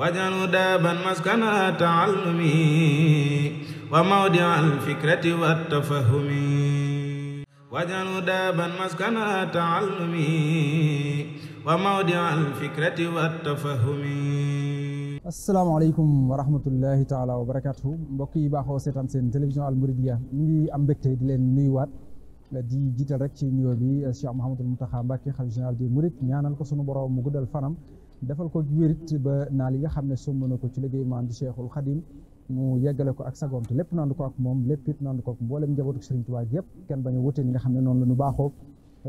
واجعله دابا مسكن التعلم وموضع الفكرة والتفهم واجعله دابا مسكن التعلم وموضع الفكرة والتفهم asalaamaaleykum wa rahmatullahi taala wa barakaatu mbokk yi baaxoo seetaan seen télévision Al Mouridiyyah ñu ngi am mbégte di leen nuyuwaat di jiital rek ci nuyoo bi Cheikh Mouhamadul Mountakha Mbacké xalifa général des Mourides ñaanal ko sunu borom mu guddal fanam defal ko wérit ba naal yi nga xam ne soo mën na ko ci liggéey maam bi Cheikhul Khadim mu yeggale ko ak sagoom te lépp nandu ko ak moom lépp it nandu ko ak mboolem njabootu Serigne Touba yëpp kenn bañ a wute ni nga xam ne noonu la baaxoo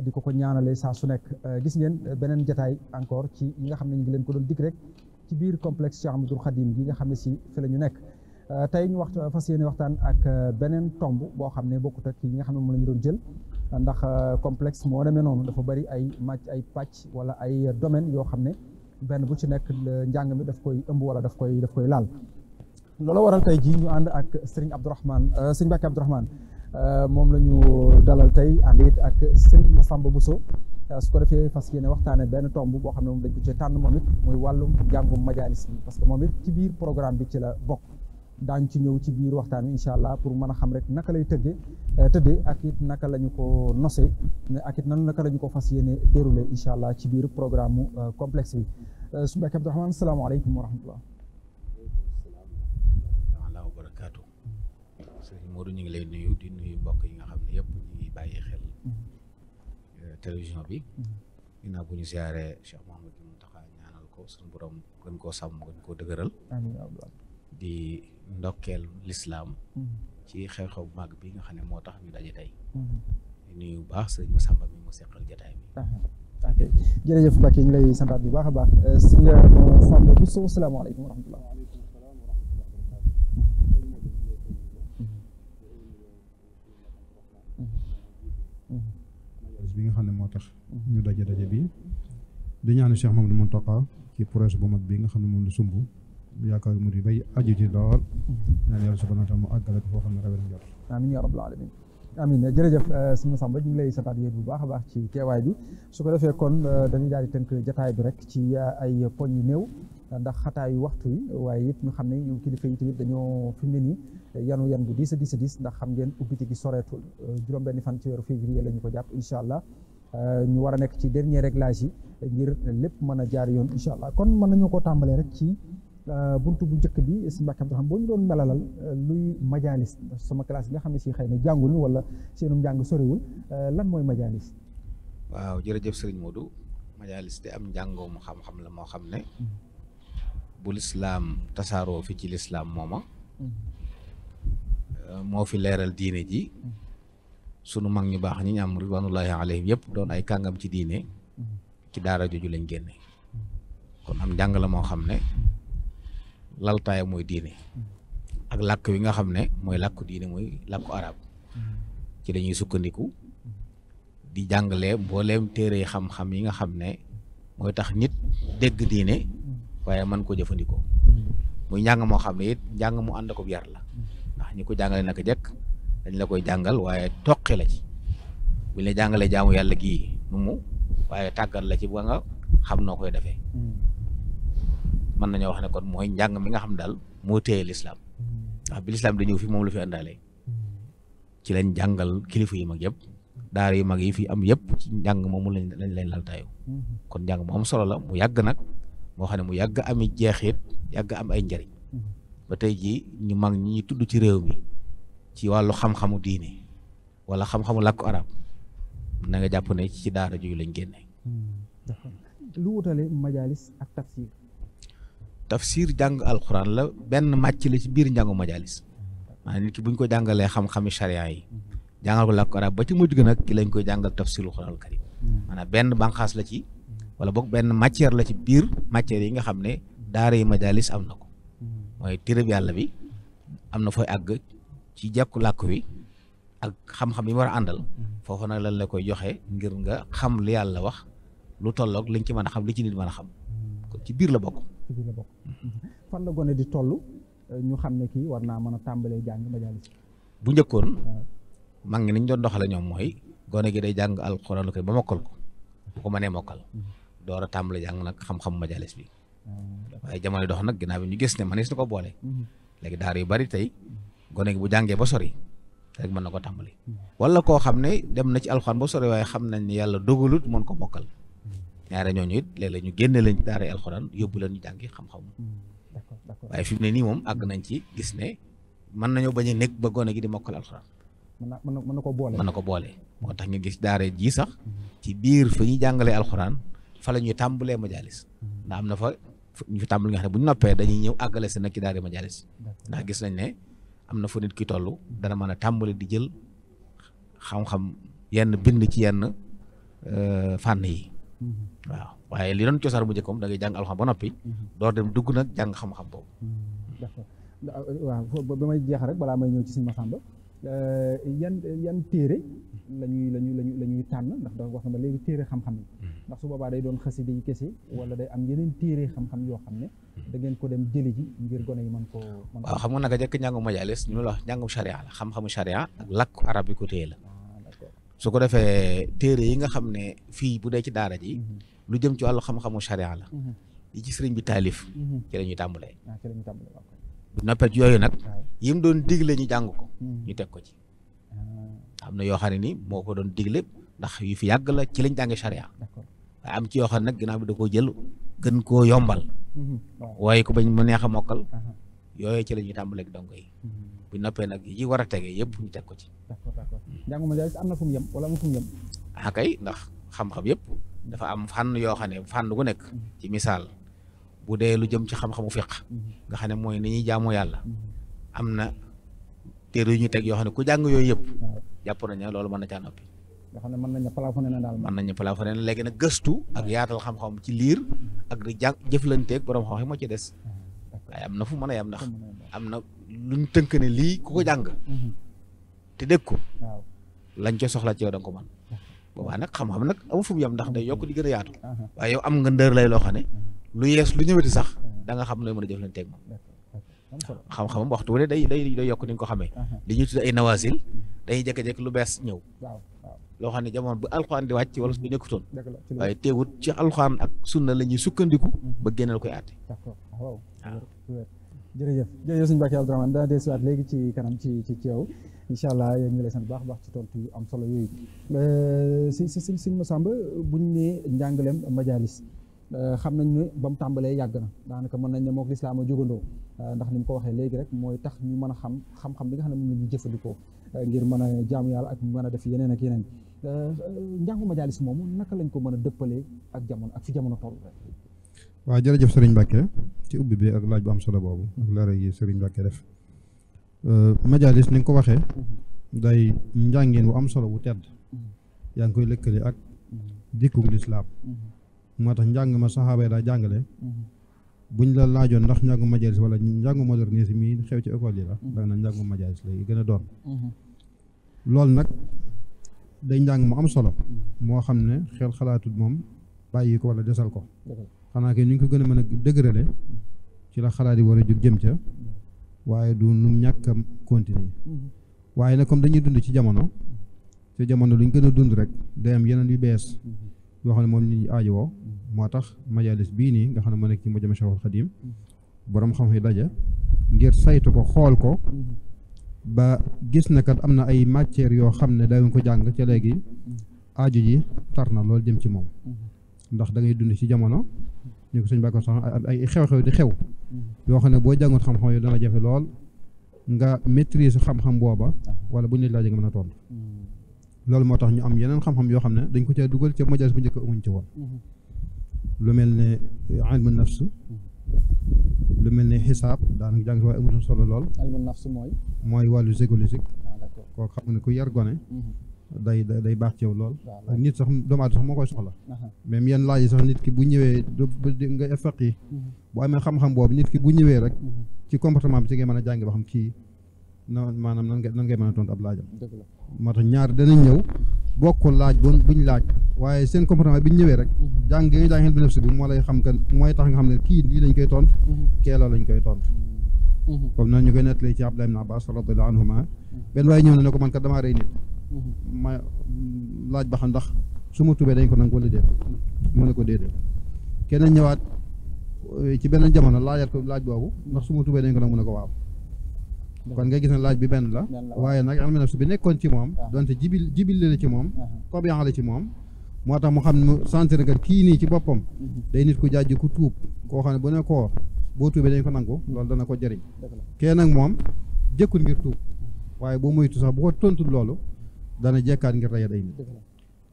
di ko ko ñaanalee saa su nekk euh, gis ngeen euh, beneen jataay encore ci ñi nga xam ne ñu ngi leen ko doon dig ci biir complexe Cheikh Ahmadoul Khadim gi nga xam ne si la ñu nekk euh, tey ñu waxtu fas yéene waxtaan ak beneen tomb boo xam ne bokkut ak ñi nga xam ne moom la ñu doon jël ndax complexe moo demee noonu dafa bari ay màcc ay pàcc wala ay domaine yoo xam ne benn bu ci nekk njàng mi daf koy ëmb wala daf koy daf koy laal loolu waral tey jii ñu ànd ak Serigne Abdourahmane euh, Serigne Mbacké Abdourahmane euh, moom la ñu dalal tey ànd it ak Serigne bu Bousso euh, su ko defee fas yéene waxtaane benn tomb boo xam ne moom dañ ko ci tànn moom it muy wàllum njàngum majaalis bi parce que moom it ci biir programme bi ci la bokk daañ ci ñëw ci biir waxtaan wi incha allah pour mën a xam rek naka lay tëgge euh, tëddee ak it naka la ñu ko nosee ak it nan naka la ko fas yéene déroulé incha allah ci biir programme mu euh, complexe bi euh, su mbàkke abdourahman salaamaaleykum wa rahmatullah wa barakaatu ñu ngi lay nuyu di nuyu mbokk yi nga xam yëpp ñu bàyyi xel bi mm-hmm. ginnaaw bu ñu siyaaree Cheikh Mouhamadou Mountakha ñaanal koo sàmm koo dëgëral ndokkeel lislaam ci xew-xew màgg bi nga xam ne moo tax ñu daje tey nuyu bu baax sëriñ Masamba mu seqal jataay bi ok jërëjëf bu baax a baax sëriñ Masamba Bousso bi nga xam ne moo tax ñu daje daje bi di ñaanu Cheikh Mamadou Mountakha ci projet bu mag bi nga xam ne moom la sumb yaakaar mu di bay aju ci lool ñaan yàlla subhanahu wa taala mu àggale ko foo xam ne rawee na jot amiin yaa rabbal alamin amin euh, ñu ngi lay santaat yéen bu baax a baax ci teewaay bi su ko defee kon euh, dañuy daal di tënk jataay bi rek ci euh, ay poñ yu néew ndax xataayu waxtu yi waaye yëpp ñu xam ne ñu kilifa yi tamit dañoo fi mu ne nii yanu yan bu diis a diis a diis ndax xam ngeen ubbite gi soreetul juróom-benni fan ci weeru février la ñu ko jàpp incha allah ñu war a nekk ci dernier réglage yi ngir lépp mën a jaar yoon incha allah kon mën nañu koo tàmbalee rek ci Euh, buntu bu jëkk bi si Mbàkke Abdu Rahmaan boo ñu doon melalal euh, luy majaalis sama classe nga xam ne si xay na jàngul wala seenu njàng soriwul euh, lan mooy majaalis. waaw jërëjëf Serigne Modou te am njàngoom xam-xam la moo xam ne. Mm-hmm. bu tasaaroo fi ci lislaam mooma. Mm-hmm. moo fi leeral diine ji. Mm-hmm. sunu mag ñu baax ñi ñam am ridwanullahi alayhim yëpp doon ay kàngam ci diine. ci daara jooju lañ génne. kon am njàng la moo xam ne. laltaayam mooy diine ak làkk wi nga xam ne mooy làkku diine mooy làkku arab ci lañuy sukkandiku di jàngale mbooleem téere xam-xam yi nga xam ne mooy tax nit dégg diine waaye mën ko jëfandikoo muy njàng moo xam ne it njàng mu ànd ko yar la ndax ko jàngale naka jekk dañ la koy jàngal waaye toqi la ci bu ñu jàngale jàngalee jaamu yàlla gi nu mu waaye tàggat la ci ba nga xam noo koy defee mën nañoo wax ne kon mooy njàng mi nga xam daal moo téye lislaam hmm. ndax bi lislaam di ñëw fi moom la fi àndaale hmm. ci lañ jàngal kilifa yu mag yëpp daar yu mag yi fi am yëpp ci njàng moomu lañ lañ lañ laltaayu hmm. kon njàng mu am solo la mu yàgg nag moo xam ne mu yàgg ami jeexit yàgg am ay njariñ ba tey jii ñu mag ñi tudd ci réew mi ci wàllu xam-xamu diine wala xam-xamu làkku arab na nga jàpp ne ci daara jooju lañ génne lu wutale tafsir jàng alxuraan la benn màcc la ci biir njàngu majalis maanaam nit ki buñ ko jàngalee xam-xami charia yi jàngal ko làkk arab ba ci mujj gi nag ki lañ koy jàngal tafsirul xuraanul karim maanaam benn bànqaas la ci wala boog benn matière la ci biir matière yi nga xam ne daara yi majalis am na ko mooy téréb yàlla bi am na fooy àgg ci jekku làkk wi ak xam-xam yi war a àndal foofu nag lan la koy joxe ngir nga xam li yàlla wax lu tolloog liñ ci mën a xam li ci nit mën a xam ci biir la bokk ci fan la gone di toll euh, ñu xam ne kii war naa mën a tàmbalee jàng majalis. bu njëkkoon. mag ñi niñ doon doxale ñoom mooy gone gi day jàng alxuraan kay ba mokkal ko bu ko mënee mokkal. Mm-hmm. door a tàmbale jàng nag xam-xam majalis bi. waaye jamono dox nag ginnaaw bi ñu gis ne manis na ko boole. Mm-hmm. léegi daara yu bari tey mm-hmm. gone gi bu jàngee ba sori rek mën na ko tàmbali. wala koo xam ne dem na ci alxuraan ba sori waaye xam nañ ne yàlla dogalut mën ko mokkal. ñaare ñooñu it léeg-léeg ñu génne leen daaray alxuraan yóbbu leen ñu jàngi xam-xam hmm, waaye fi mu ne nii moom àgg nañ ci gis ne mën nañoo bañ a nekk ba gone gi di mokkal alxuraan mën na ko boole mën na ko boole moo tax nga gis daara jii sax hmm. ci biir fa ñuy jàngalee alxuraan fa la ñuy tàmbalee majalis hmm. ndax am na fa ñu tàmbul nga xam ne bu ñu noppee dañuy ñëw àggale si nag ci daara majalis ndax gis nañ ne am na fa nit ki toll dana mën a tàmbali di jël xam yenn bind ci yenn euh, fànn yi waaw waaye li doon cosaan bu njëkkoon dangay ngay jàng alxam ba noppi. door dem dugg nag jàng xam-xam boobu. d'accord waaw ba may jeex rek balaa may ñëw ci Sëriñ Massamba euh, yan yan téere la ñuy la ñuy la ñuy tànn ndax da wax ma léegi téere xam-xam yi. Hmm. ndax su boobaa day doon xasida yi kese wala day am yeneen téere xam-xam yoo xam ne. Hmm. da ngeen ko dem jëli ji ngir gone yi man mën koo. waaw xam nga naka jëkk njàngu majalis ñu la njàngum sharia la xam-xamu sharia ak làkku arab yi ko la. su ko defee téere yi nga xam ne fii bu dee ci daara ji mhm. lu jëm ci wàllu xam-xamu charia la yi mhm. ci sëriñ bi taalif mhm. ci la ñuy tàmbalee ah, yooyu nag yi mu doon digle ñu jàng ko ñu teg ko ci ah. am na yoo xam ne ni moo ko doon digle ndax yu fi yàgg la ci lañ jànge charia am ci yoo xam ne nag ginnaaw bi da koo jël gën koo yombal waaye ku bañ mu a mokkal yooyu ci la ñuy tàmbalee ak yi bu noppee nag yi war a tegee yëpp ñu teg ko ci njàngu majalis am na fu mu yem wala am na fu ah, ndax xam-xam yëpp dafa am fànn yoo xam ne fànn gu nekk. Mm-hmm. ci misaal bu lu jëm ci xam-xamu fiq mm-hmm. nga xam ne mooy ni ñuy jaamoo yàlla. Mm-hmm. am na téere yu ñu teg yoo xam ne ku jàng yooyu yëpp. jàpp nañu loolu mën na caa noppi. nga mën nañu plafonné na daal. mën nañu plafonné na léegi nag gëstu. ak yaatal xam ci liir. ak di jàng jëflanteeg borom xam-xam des. waaye am na fu mën a ndax am na luñ tënk ne lii ku ko jàng. te dégg lañ ca soxla ci yow da ko mën boobaa nag xam-xam nag amu fu mu ndax day yokk di gën a yaatu waaye yow am nga ndër lay loo xam ne lu yees lu ñëwati sax danga nga xam nooy mën a jëflanteeg moom xam-xamam waxtu wu ne day day day yokk ni nga ko xamee li ñuy tudd ay nawasil dañuy jékki-jékki lu bees ñëw loo xam ne jamono bu alxuraan di wàcc wala bu nekkutoon waaye teewut ci alxuraan ak sunna la ñuy sukkandiku ba génneel koy àtte jërëjëf jërëjëf sëñ Mbacke Abdourahmane dana dee siwaat léegi ci kanam ci ci ci yow incha allah yaa ngi lay sant baax baax ci tontu yu am solo yooyu euh, si si si sëñ Massamba bu ñu nee njàngaleem majalis euh, xam nañ ni ba mu tàmbalee yàgg na daanaka mën nañ ne mook lislaam a jógandoo euh, ndax ni mu ko waxee léegi rek mooy tax ñu mën a xam xam-xam bi nga xam ne moom la jëfandikoo ngir mën a jaamu yàlla ak mën a def yeneen ak yeneen njàngu majalis moomu naka lañ ko mën a dëppalee ak jamono ak fi jamono toll waa jërëjëf sëriñ Mbacke ci ubbi bi ak laaj bu am solo boobu ak yi sëriñ Mbacke def euh, ni nga ko waxee day njàngeen wu am solo bu tedd yaa ngi koy lëkkale ak dikkug lislaam moo tax njàng ma saxaaba yi daa jàngale buñ la laajoon ndax njàngu majalis wala njàngu modernisme yi xew ci école yi la da na njàngu majalis lay gën a doon loolu nag day njàng mu am solo moo xam ne xel xalaatut moom bàyyi ko wala desal ko xanaa kay ñu ngi ko gën a mën a dëgërale ci la xalaat yi war a jóg jëm ca waaye du nu ñàkk a waaye nag comme dañuy dund ci jamono te jamono lu ñu gën a dund rek day am yeneen yu bees yoo xam ne moom ñu aajowoo moo tax majalis bii nii nga xam ne moo nekk ci Majma Cheikhul a borom boroom yi daje ngir saytu ko xool ko ba gis na kat am na ay matières yoo xam ne dañu ko jàng ca léegi aaju yi tar na loolu jëm ci moom. ndax da dund ci jamono ñu ko suñ bàkko sax ay xew-xew di xew mm-hmm. yoo xam ne boo jàngut xam-xam yi dana jafe lool nga maîtrise xam-xam booba ah. wala bu nit laajee nga mën a tontu mm-hmm. loolu moo tax ñu am yeneen xam-xam yoo xam ne dañ ko cee dugal ca majalis bu njëkk amuñ ci woon mm-hmm. lu mel ne eh, ilmu nafs lu mel ne xisaab daanaka jàng waaye solo lool. ilmu nafs mooy. mooy wàllu psychologique. Ah, ne ku yar gone. day day baax ci yow lool ak nit sax doomu sax moo koy soxla même yenn laaj yi sax nit ki bu ñëwee nga faq yi mhm. bu amee xam-xam boobu nit ki bu ñëwee rek mhm. ci comportement bi ci ngay a jàngi ba xam kii na maanaam nan nan ngay mën a tontu ab laajam moo tax ñaar danañ ñëw bokk bu buñ laaj waaye seen comportement bi ñu ñëwee rek mhm. jàng yooyu jàngeen bi nafsi bi moo lay xam kan mooy tax nga xam ne kii lii lañ koy tont kee loolu lañ koy tont comme noonu ñu koy nettalee ci Abdullah ibn Abbas radiyallahu anhuma benn waaye ñëw na ne ko man kat damaa rey nit ma laaj ba xam ndax su ma tubee dañ ko nangu wala déet mu ne ko déedéet keneen ñëwaat eh, ci beneen jamono laajaat ko laaj boobu ndax su ma tubee dañ ko nangu mu ne ko waaw kon nga gis ne laaj bi benn la waaye nag almi naf su bi nekkoon ci moom donte jibil jibil la ci moom cobian la ci moom moo tax mu xam ne sentir nga kii nii ci boppam mhm. day nit ku jàjj ku tuub koo xam ne bu ne boo tuubee dañ ko nangu mhm. loolu dana ko jëriñ kee nag moom jëkkul ngir tuub waaye boo moytu sax bu ko dana jekkaat ngir rey day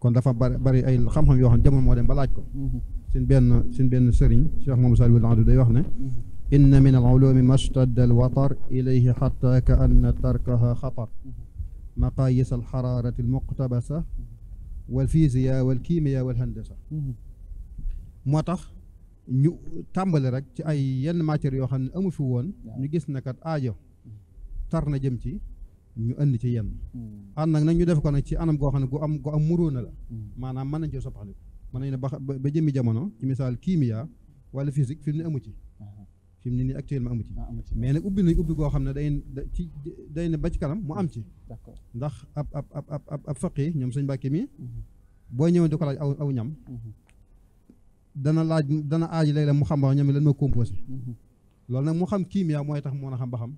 kon dafa bari bari ay xam-xam yoo xam ne jamono moo dem ba laaj ko mm-hmm. suñ benn suñ benn sëriñ Cheikh Mamadou Sall wilandu day wax ne mm-hmm. inna min al ulumi mastadda al watar ilayhi xatta ka anna tarkaha xatar mm-hmm. maqayis al xararati al muqtabasa wal fisiya wal moo tax ñu rek ci ay yenn matières yoo xam ne amu fi woon ñu gis ne kat aajo tar na jëm ci ñu andi ci yenn hmm. an nag nag ñu def ko nag ci anam goo xam ne gu am gu am muróona la hmm. maanaam mën nañ cee soppaxli mën nañ ne ba ba jëmmi jamono ci misaal kimia wala physique fi mu amu ci hmm. fi mu ne nii actuellement amu ci ah, mais nag ubbi nañ ubbi goo xam ne day ci day ne ba ci kanam mu am ci ndax ab ab ab ab ab ñoom sëñ Mbàkke mi boo ñëwoon di ko laaj aw aw ñam dana laaj dana aaj léeg-léeg mu xam ba ñam lan ma composé loolu nag mu xam kimia mooy tax moo a xam ba xam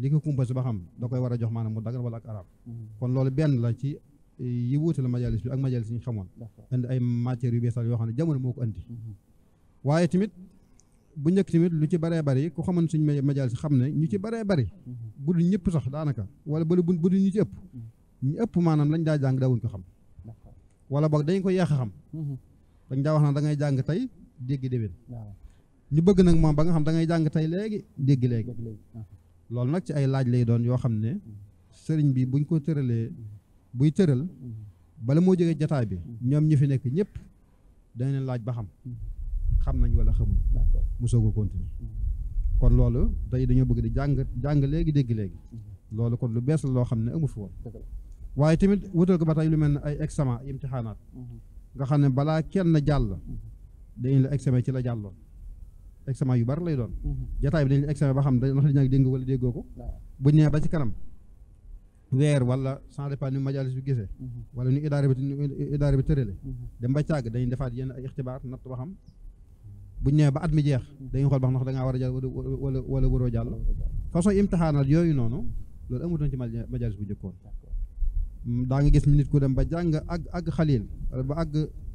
li ko kumpa ba xam da koy war a jox maanaam mu dagan wala ak arab mm-hmm. kon loolu benn la ci eh, yi wuute la majalis bi ak majalis yi ñu xamoon indi ay matières yu beesal yoo xam ne jamono moo ko indi mm-hmm. waaye tamit bu njëkk tamit lu ci baree bari ku xamoon suñ majalis xam ne ñu ci baree bari mm-hmm. bu du ñëpp sax daanaka wala bu bu du ñu ci ëpp ñu ëpp maanaam lañ daa jàng daawuñ ko xam wala boog dañ ko yeex a xam dañ daa wax na da ngay jàng tey dégg déwén ñu bëgg nag moom ba nga xam da ngay jàng tey léegi dégg léegi loolu nag ci ay laaj lay doon yoo xam ne sëriñ bi buñ ko tëralee buy tëral bala moo jógee jataay bi ñoom ñi fi nekk ñëpp dañ leen laaj ba xam xam nañ wala xamul mu ko a continuer kon loolu tey dañoo bëgg di jàng jàng léegi dégg léegi loolu kon lu bees la loo xam ne amu fi woon waaye tamit wutal ko ba tey lu mel ne ay examen imtixaanaat mm-hmm. nga xam ne balaa kenn jàll dañ la examen ci la jàlloon examen yu bari lay doon mhm. jataay bi dañu examen ba xam da ndax dañu dégg wala déggoo ko buñ nee ba ci kanam weer wala sans ni majalis bi gisee mhm. wala nu idaara bi idaara bi tërale mhm. dem ba càgg dañuy defaat yenn ay ixtibaar natt ba xam bu nee ba at mi jeex dañuy xool ba xam ndax da ngaa war a jàll wala wala waroo jàll façon imtixaanal yooyu noonu loolu amutoon ci majalis bu njëkkoon daa nga gis nit ku dem ba jàng àgg àgg xaliil ba àgg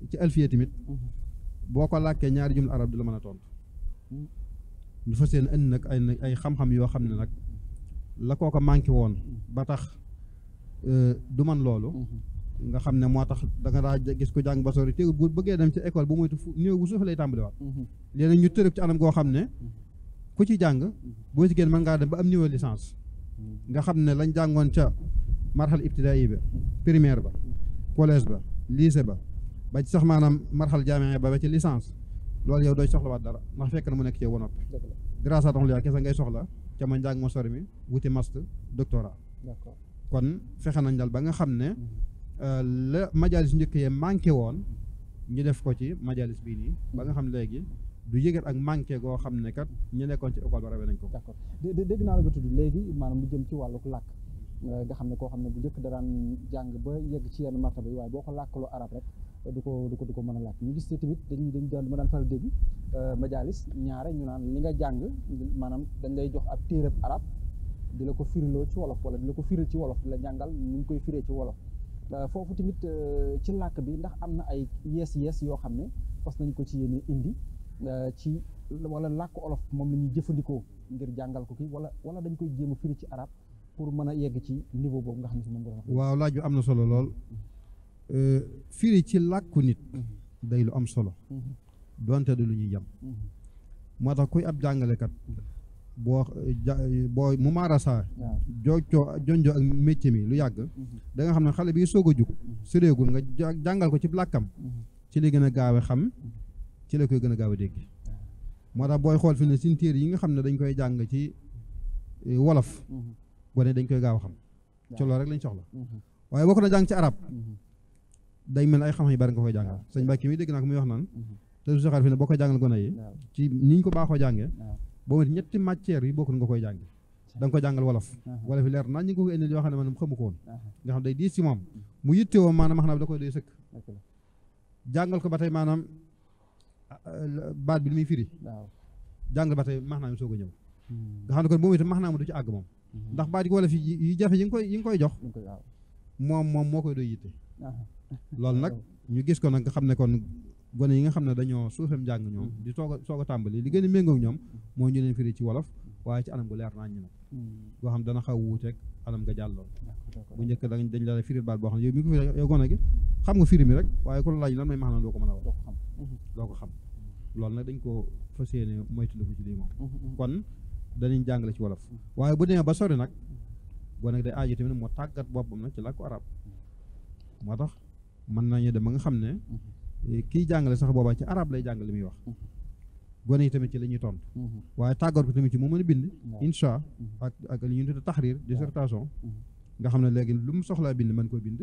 ci alfiya tamit boo ko làkkee ñaari jumla arab du la mën a tontu ñu fa yéene indi nag ay ay xam-xam yoo xam ne nag la koo ko manqué woon ba tax euh, du man loolu mm-hmm. nga xam ne moo tax da nga daa gis ko jàng ba sori te bu bëggee dem ci école bu moytu fu néew bu suuf lay tàmbaliwaat mm-hmm. léeg-léeg ñu tërëb ci anam goo xam ne mm-hmm. ku ci jàng boo ci génn mën ngaa dem ba am niveau licence nga xam ne lañ jàngoon ca marxal ibtidaay ba primaire ba collège ba lycée ba ba ci sax maanaam marxal jaamee ba ba ci licence loolu yow dooy soxlawaat dara ndax fekk na mu nekk ci yow ba noppi grâce à ton loi kese ngay soxla ca ma njàng ma sori mi wuti master doctorat kon fexe nañ daal ba nga xam ne mhm. euh, la majalis njëkk yee manqué woon ñu def ko ci majalis bii nii ba nga xam léegi du yëgat ak manqué koo xam ne kat ñu nekkoon ci école ba rawee nañ ko d'accord dégg naa la nga léegi maanaam lu jëm ci wàllu làkk nga xam ne koo xam ne bu njëkk daraan jàng ba yegg ci yenn martaba bi waaye boo ko làkkaloo arab du ko du ko du ko mën a laaj ñu gis ne tamit dañuy dañ daan ma daan faral dégg euh, majalis ñaare ñu naan li nga jàng maanaam dañ lay jox ab téereb arab di la ko firiloo ci wolof wala di la ko firil ci wolof la jàngal ñu ngi koy firee ci wolof euh, foofu tamit euh, ci làkk bi ndax am na ay yees yees yoo xam ne fas nañ ko ci yéene indi ci wala làkk olof moom la ñuy jëfandikoo ngir jàngal ko kii wala wala dañ koy jéem a firi ci arab pour mën a yegg ci niveau boobu nga xam ne si moom la waaw laaj bi am na solo lool Euh, firi ci làkku nit day lu am solo donte du lu ñuy yam moo tax kuy ab jàngalekat boo boo mu maarasaa joojoo jonjoo ak métier mi lu yàgg danga xam ne xale bi soog a jug sëreegul nga jàngal ko ci làkkam ci li gën a gaawe xam ci la koy gën a gaawe dégg moo tax booy xool fi ne sintiir yi nga xam ne dañ koy jàng ci e, wolof gone dañ koy gaaw xam ci loolu rek lañ soxla waaye boo na jàng ci arab day mel ay xam-xam yu bari nga koy jàngal sëñ Mbàkke mi dégg naa ko muy wax naan te saxaar fi ne boo ni ñu ko baaxoo jàngee boo ñetti matières yi bokkul nga koy jànge da nga ko jàngal wolof uh-huh. wolof yi leer naa ñu ngi ko indil yoo xam ne maanaam xamu ko woon uh-huh. nga xam day diis ci moom mu yittewoo maanaam xam naa da koy doy sëkk jàngal ko ba tey maanaam baat bi li muy firi jàngal ba tey max naa mi soog a ñëw hmm. nga xam ne kon moom itam max naa mu du ci àgg moom hmm. ndax baat yi ko wolof jafe yi nga koy yi nga koy jox moom moom moo koy doy yitte uh-huh. loolu nag ñu gis ko nag nga xam ne kon gone yi nga xam ne dañoo suufem jàng ñoom mm. di soog a soog tàmbali li gën a méngoog ñoom mm. moo ñu leen firi ci wolof waaye ci anam gu leer naa ñu nag boo mm. xam dana xaw wuuteeg anam nga jàlloon bu njëkk da dañ la firi baat boo xam ne yow mi ko fi yow gone gi mi rek waaye ku laaj lan may maanaam doo ko mën a wax mm-hmm. doo ko xam loolu nag dañ ko fas yéene moytandiku ci lii moom mm-hmm. kon danañ jàngale ci wolof mm-hmm. waaye bu demee ba sori nag boo nag day aajo tamit moo tàggat boppam nag ci làkku arab moo tax mën nañu dem ba nga xam ne mhm. kiy jàngale sax boobaa ci arab lay jàngale muy wax mhm. gone yi tamit ci la ñuy tontu mhm. waaye tàggoor bi tamit ci moo mën a bind insha ak ak li ñuy tuddee taxriir dissertation nga xam ne léegi lu mu soxlaa bind mën koo bind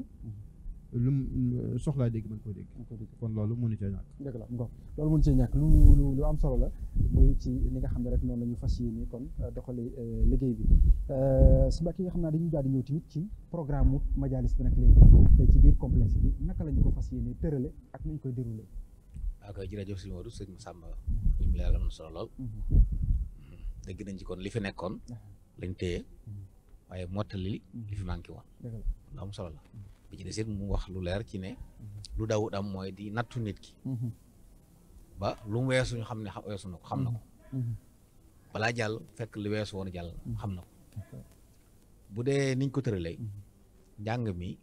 lu mu soxlaa dégg mën koo dégg. kon loolu mënu cee ñàkk. dëgg la ngox loolu mënu cee ñàkk lu lu lu am solo la muy ci li nga xam ne rek noonu la ñu fas yéene kon euh, doxalee euh, liggéey bi su mbokk yi naa dañuy daal di ñëw ci programme mu majalis bi nag ci biir complexe bi naka la ko fas yéene tërale ak nu koy déroulé. ak jërëjëf sëñ Modou sëñ Samba ñu solo lool. Mm-hmm. dégg nañ ci kon li fi nekkoon. Ah. lañ téye mm-hmm. waaye li mm-hmm. fi manqué woon. lu am solo la. bi ci des mu wax lu leer ci ne mhm. lu daawut am mooy di nattu nit ki mhm. ba lu mu weesu ñu xam ne weesu na xam na ko mhm. balaa jàll fekk lu weesu woon jàll xam na ko bu dee niñ ko tëralee njàng mi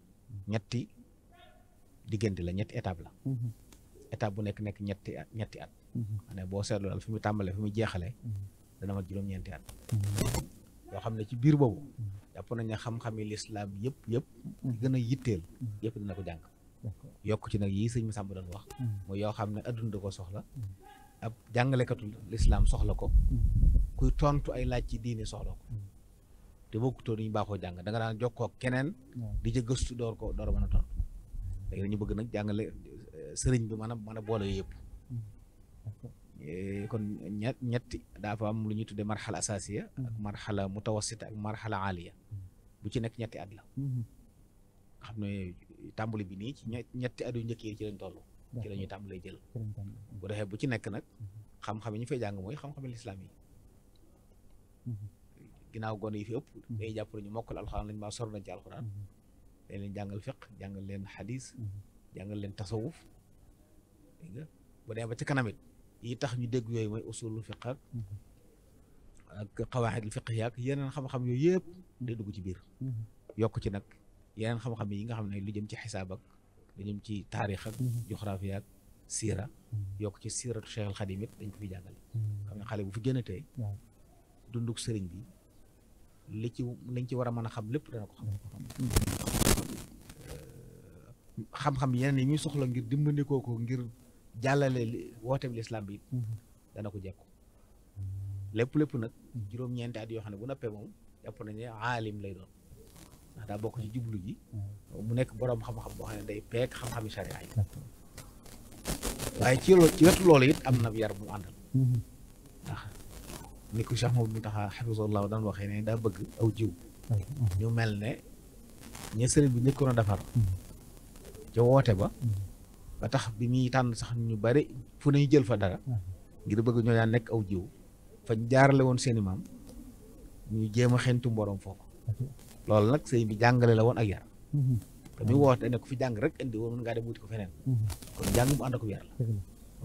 ñetti diggante la ñetti étape la étape bu nekk nekk ñetti at ñetti at maanaam boo seetloo daal fi tàmbalee fi mu jeexalee dana mat juróom-ñeenti at yoo xam ne ci biir boobu jàpp nañu xam-xami lislaam yëpp yëpp gën a yitteel yëpp dina ko jàng yokk ci nag yi sëñ ma sàmb doon wax hmm. yoo xam ne adduna da ko soxla hmm. ab lislaam soxla ko hmm. kuy tontu ay laaj ci diine soxla bokkutoo ni ñu baaxoo jàng da nga daan jokkoo keneen di ca gëstu ko door a mën a tontu bëgg nag jàngale euh, sëriñ bi mën a mën a boole yëpp eh, kon ñett ñetti dafa am lu ñuy tuddee marxala asasiya ak marxala mutawasita ak marxala aliya bu ci nekk ñetti at la. nga mm-hmm. xam ne tàmbali bi nii ci ñetti at njëkk yi ci lañ toll. ci la ñuy tàmbalee jël. bu defee bu ci nekk nag. Mm-hmm. xam-xam ñu fay jàng mooy xam-xam lislaam yi. Mm-hmm. ginnaaw gone yi fi ëpp. day jàpp ne ñu mokkal alxuraan lañ maa sor nañ ci alxuraan. dañ leen jàngal fiq jàngal leen xadis. jàngal leen tasawuf. dégg bu demee ba ci kanamit yi tax ñu dégg yooyu mooy usulul fiq ak xawaaxid fiqhiya ak yeneen xam-xam yooyu yëpp day dugg ci biir mhm. yokk ci nag yeneen xam-xam yi nga xam ne lu jëm ci xisaab ak lu jëm ci taarix ak mhm. joxraafiya ak siira mhm. yokk ci siiratu Cheikh al Xadim it dañ ko fi jàngale xam xale bu fi génn tey dunduk sëriñ bi li ci lañ ci war a mën a xam lépp dana ko xam euh, xam-xam yeneen yi muy soxla ngir dimbandikoo ko ngir jàllale wooteem lislaam bi dana ko jekku lépp lépp nag juróom-ñeenti at yoo xam ne bu nappee moom jàpp nañ ne aalim lay doon ndax daa bokk ci jublu ji mm. mu nekk boroom xam-xam boo xam ne day peek xam-xami sariya yi waaye ci loolu ci wetu loolu it am na yar bu mu àndal mm-hmm. ndax ni ko Cheikh Mamadou Mountakha xafisallaahu daan waxee ne daa bëgg aw jiw mm-hmm. ñu mel ne ña sëriñ bi njëkkoon a defar mm-hmm. ca woote ba ba tax bi muy tànn sax ñu bari fu nañu jël fa dara ngir bëgg ñoo daan nekk aw jiw fañ jaarale woon seeni maam ñu jéem a xentu mborom foofu loolu nag sëñ bi jàngale la woon ak yar te muy woote ne ku fi jàng rek indi woon mën ngaa dem wuti ko feneen kon jàng mu ànd ak yar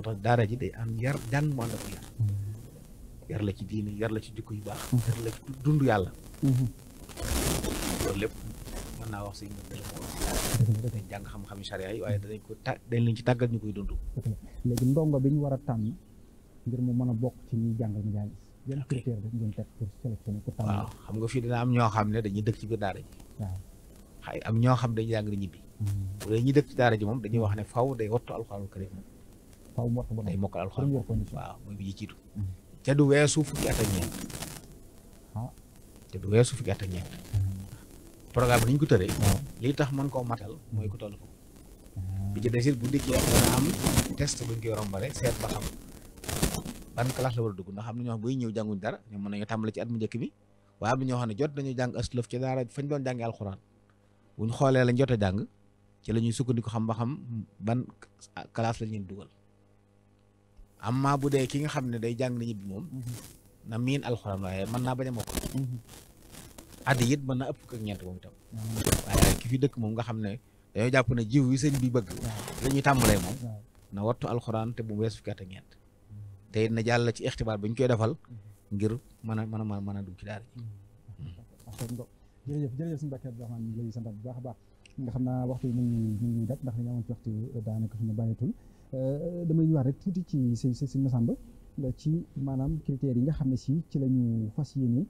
la daara ji day am yar jàng mu ànd mm-hmm. yar la ci diine yar la ci dikk yu baax mm-hmm. yar la ci dund yàlla mm-hmm. loolu lépp mën naa wax sëñ bi dala ko dañ jàng xam-xam charia yi waaye danañ ko tà dañ leen ci tàggat ñu koy dund léegi ndongo bi ñu war a tànn ngir mu mën a bokk ci ñuy jàngal majalis yan critère rek ngeen xam nga fii dina am ñoo xam ne dañuy dëkk ci biir daara ji waaw xay am ñoo xam dañuy jàng di ñibbi hmm. bu dee ñuy dëkk ci daara ji moom dañuy wax ne hmm. faw day wattu alxuraanul karim faw mu wattu ba day mokkal alxuraan waaw mooy bi ji ciitu te hmm. du weesu fukki at ñeent te du weesu fukki at ak ñeent programme bi ko tëree lii tax mën koo matal mooy ko toll foofu bi ci desit bu dikkee dana am test bu koy rombale seet ba xam ban classe la war a dugg ndax am na ñoo xam buy ñëw jànguñ dara ñoom mën nañu tàmbali ci at mu njëkk bi ñoo xam ne jot nañu jàng aslëf ci daara fañ doon jàngi alxuraan buñ xoolee lañ jot a jàng ci la ñuy sukkandiku xam ba xam ban classe la ñuy bu dee ki nga xam ne day jàng nañu bi moom mm-hmm. na miin alxuraan waaye mën naa bañ a mokk mm-hmm. addi it mën na ëpp ko ak ñeent moom itam mm-hmm. waaye ki fi dëkk moom nga xam ne dañoo jàpp ne jiw wi sëñ bi bëgg la ñuy tàmbalee moom na wattu alxuraan te bu weesu fukki at ak ñeent te it na jàll ci ixtibaar bi ñu koy defal mm-hmm. ngir mën a mën a mën ci daara ji. Mm-hmm. Mm-hmm. jërëjëf jërëjëf suñu Mbàkke Abdourahmane ñu ngi bu baax a baax nga xam naa waxtu yi ñu ngi ñu ngi def ndax dañu amoon ci waxtu daanaka suñu bàyyitul euh, damay ñëwaat rek tuuti ci si si si ci maanaam critères yi nga xam ne si ci lañu fas ñu fas yéene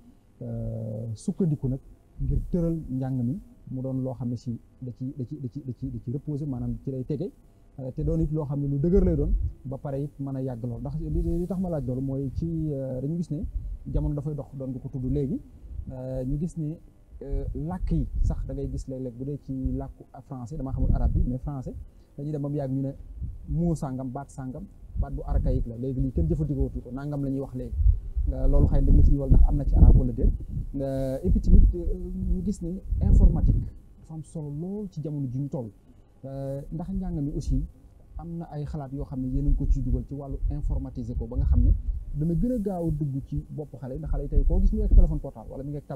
euh, sukkandiku nag ngir tëral njàng mi mu doon loo xam ne si da ci da ci da ci da ci reposer maanaam ci lay tege. Euh, te doon it loo xam ne lu dëgër lay doon ba pare it mën a yàgg lool ndax li tax ma laaj loolu mooy ci euh, dañu gis ne jamono dafay dox doon nga ko tudd léegi euh, ñu gis ne làkk yi sax da ngay gis léeg-léeg bu dee ci làkku francais dama xamul arab bi mais francais dañuy dem ba yàgg ñu ne muu sàngam baat sàngam baat bu archaïque la léegi lii kenn jëfandikootu ko nangam la ñuy wax léegi loolu xëy na dama ci ñëwal ndax am na ci arabe wala déet et puis tamit ñu gis ne informatique dafa am solo lool ci jamono ji ñu toll Euh, ndax njàng mi aussi am na ay xalaat yoo xam ne yéen a ko ci dugal ci wàllu informatisé ko ba nga xam ne dana gën a gaaw a dugg ci bopp xale yi ndax xale yi tey koo gis mi ngi ak téléphone portable wala mi ngi ak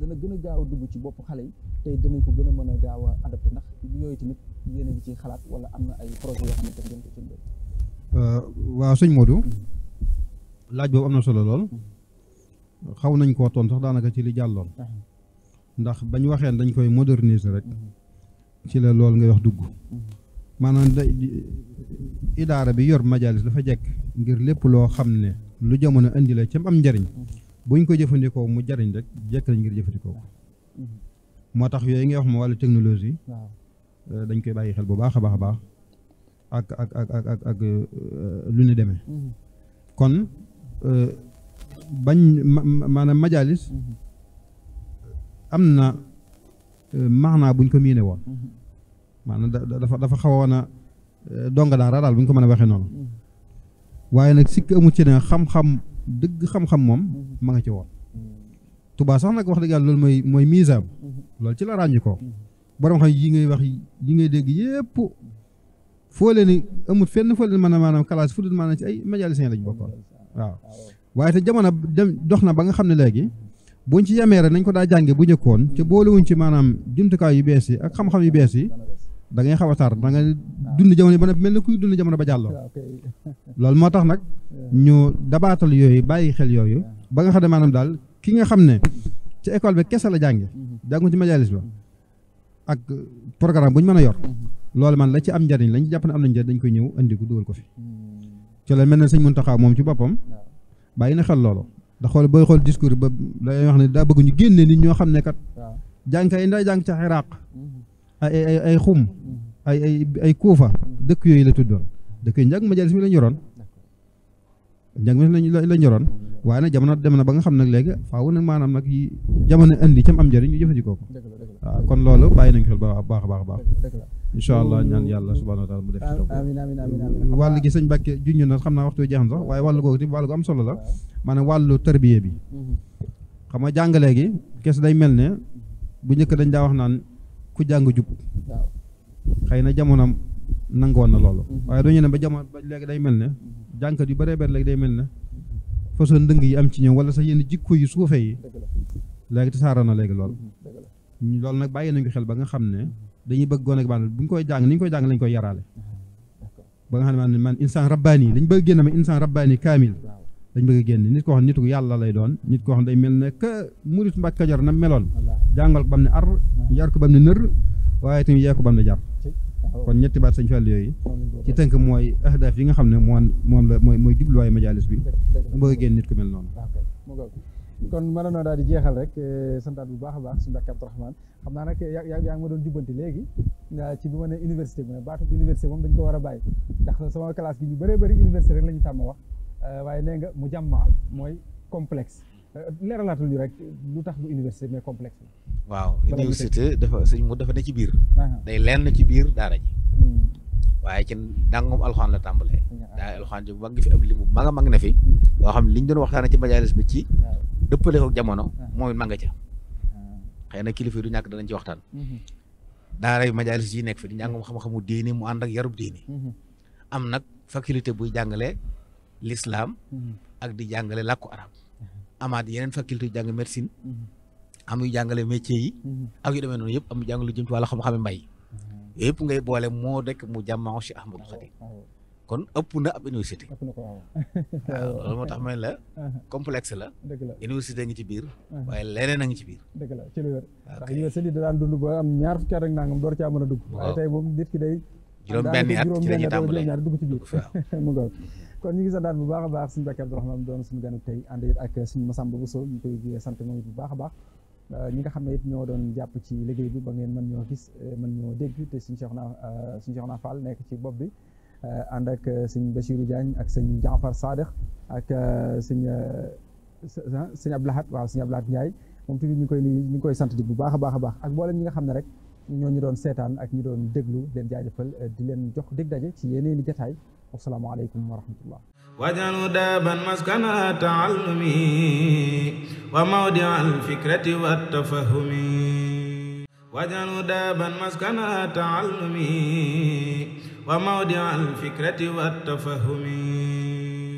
dana gën a gaaw a dugg ci bopp xale yi tey danañ ko gën a mën a gaaw a adapté ndax yooyu tamit yéen a ngi ciy xalaat wala am na ay projet yoo xam ne ngeen ko cëndee. Euh, waaw sëñ Modou. laaj boobu am na solo lool. xaw nañ koo toon sax daanaka ci li jàlloon. ndax bañ waxee dañ koy rek. ci la loolu ngay wax dugg mm-hmm. maanaam da idaara bi yor majalis dafa jekk ngir lépp loo xam ne lu jamono indi la cam am njariñ mm-hmm. buñ ko jëfandikoo mu jariñ rek jekk lañ ngir jëfandikoo mm-hmm. moo tax yooyu ngay wax ma wàllu technologie euh, dañ koy bàyyi xel bu baax a baax a baax ak ak ak euh, lu ne demee kon euh, bañ maanaam majalis am na bu buñ ko miine woon mhm. maanaam dafa dafa xawoon a euh, donga daara daal bu ñu ko mën a waxee noonu mhm. waaye nag sikk amut ci ne xam-xam dëgg xam-xam moom mhm. ma nga ci woon tubaa sax nag wax dëgg yàlla loolu mooy mooy misaam loolu ci la ràññi ko borom xam yi ngay wax yi ngay dégg yépp foo leen ni amut fenn foo leen mën a maanaam classe fu dul maanaam ci ay médialisien lañ bokkoon waaw ah waaye te jamono dem dox na ba nga xam ne léegi buñ ci yemee rek nañ ko daal jànge bu njëkkoon te boolewuñ ci maanaam jumtukaay yu bees yi ak xam-xam yu bees yi da ngay xaw a tar da nga dund jamono ba mel ni kuy dund jamono ba jàlloo ah, loolu moo tax nag ñu dabaatal yooyu bàyyi xel yooyu ba nga xam ne maanaam daal ki nga xam ne ci école bi kese la jànge jàngu ci majalis ba ak programme bu ñu mën a yor loolu man la ci am njariñ lañ jàpp ne am na njariñ dañ koy ñëw indi ko dugal ko fi hmm. ci la mel ne sëñ Muntaxa moom ci boppam ah. bàyyi na xel loolu da xool booy xool discours ba day wax ne daa bëgg ñu génne nit ñoo xam ne kat jànka yi nday jàng ca Iraq mhm. ay xum mhm. ay ay ay kuufa mhm. dëkk yooyu la tuddoon dëkk yooyu njàng majalis mi la ñoroon njàng majalis la ñoroon waaye nag jamono dem na ba nga xam nag léegi fa nag maanaam nag yi jamono indi cam am njëriñ ñu jëfandikoo ko waaw kon loolu bàyyi nañ ko xel ba baax a baax a baax incha allah ñaan yàlla subhanahu wa taala mu def amiin amiin amiin wàll gi sañ Mbàkke junñu na xam naa waxtu jeexan sax waaye wàllu googu tamit wàllu gu am solo la maanaam wàllu tarbiye bi mm-hmm. xam nga jàngalee gi kes day mel ne bu njëkk dañ daa wax naan ku jàng jub xëy na jamonoom nangoon na loolu mm-hmm. waaye dañu ne ba jamono ba léegi day mel ne jànkat yu bëree bëri léegi day mel ne façon ndëng yi am ci ñoom wala sax yenn jikko yu suufee yi léegi tasaaroo na léegi loolu mm-hmm. loolu nag bàyyi nañ ko xel ba nga xam ne mhm. dañuy bëgg gone ak bànn bu ñu koy jàng ni koy jàng lañ koy yaraale mhm. ba nga xam ne man man insaan rabbaani dañ bëgg génn ma insaan rabbaani kaamil dañ bëgg génn nit koo xam nitu yàlla lay doon nit koo xam day mel ne que murit mbàkk kajoor na meloon jàngal ko bam ne ar mhm. yar ko bam ne nër waaye tamit yee ko bam ne jar kon ñetti baat sañ fàll yooyu ci tënk mooy ahdaaf yi nga xam ne moom moom la mooy mooy jubluwaayu majalis bi mu bëgg génn nit ku mel kon ma doon daal di jeexal rek eh, santaat bu baax a baax suñu Mbàkke Abdourahmane xam naa nag yaa yaa ngi ma doon jubbanti léegi eh, ci bi ma ne université bi ne baatu ko war a bàyyi ndax sama classe bi ñu bëree bëri université rek la ñu eh, waaye nee nga mu jàmmaal mooy complexe leeralaatul ñu rek lu tax du université mais complexe waaw université dafa sëñ mu dafa ne ci biir ah. day leen lenn ci biir daara ji hmm. waaye ci dàngum alxaan la tàmbalee ah. daa alxaan ji mag fi ab li mu mag a mag na fi loo hmm. xam ne li ñu doon ci majalis bi ci ah. dëppale ko jamono ah. moom it ma nga ca ah. xëy na kilifa du ñàkk danañ ci waxtaan mhm. daaray majaalis yi nekk fi di njàngum xam-xamu diine mu ànd ak yarub diine mhm. am nag faculté buy jàngale lislaam mhm. ak di jàngale làkku arab amaat yeneen faculté yu jàng médecine am jàngale métier yi ak yu demee noonu yëpp am jàng lu jëm ci wàllu xam-xam mbay yëpp ngay boole moo rek mu jàmmaxu si Ahmadou oh, Khadim oh. kon ëpp na ab université. waaw loolu moo tax may la. Uh-huh. complexe la. dëgg la université ngi ci biir. Uh-huh. waaye leneen a ngi ci biir. dëgg la ci lu wér. ndax université daan dund ba am ñaar fukki at ak nangam door caa mën a dugg. waaye tey juróom benni at ci la ñuy ci biir mu ngoog kon ñu ngi santaat bu baax a baax suñu Mbàkke Abdourahmane doon suñu gan tey ànd it ak suñu Massamba Bousso ñu koy sant moom bu baax a baax euh, ñi nga xam ne it ñoo doon jàpp ci liggéey bi ba ngeen mën ñoo gis man ñoo dégg te suñu Cheikh na euh, suñu Cheikh na Fall nekk ci bopp bi Euh, ànd ak euh, sëñ Bachirou Diagne ak sëñ Jaafar Sadikh ak euh, sëñ ah, sëñ Abdou Lahad waaw sëñ Abdou Lahad Ndiaye moom tamit ñu koy koy sant di bu baax a baax a baax ak mboolem ñi nga xam ne rek ñoo ñi doon seetaan ak ñu doon déglu leen jaajëfal di leen jox dég daje ci yeneeni jataay wasalaamaaleykum wa rahmatullah wajalu daaban maskana taallumi wa mawdia alfikrati wattafahumi wajalu daaban maskana taallumi wa mawdi'al fikrati wat tafahumi